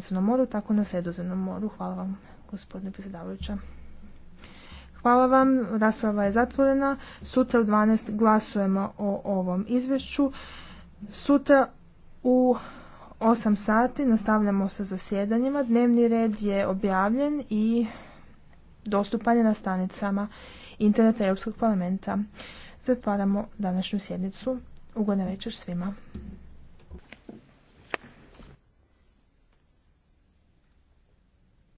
Crnom moru, tako na Sredozemnom moru. Hvala vam, gospodine predsjedavajuća. Hvala vam, rasprava je zatvorena. Sutra u 12 glasujemo o ovom izvješću. Sutra u 8 sati nastavljamo sa zasjedanjima. Dnevni red je objavljen i dostupan je na stanicama interneta Europskog parlamenta. Zatvaramo današnju sjednicu. ugodne večer svima.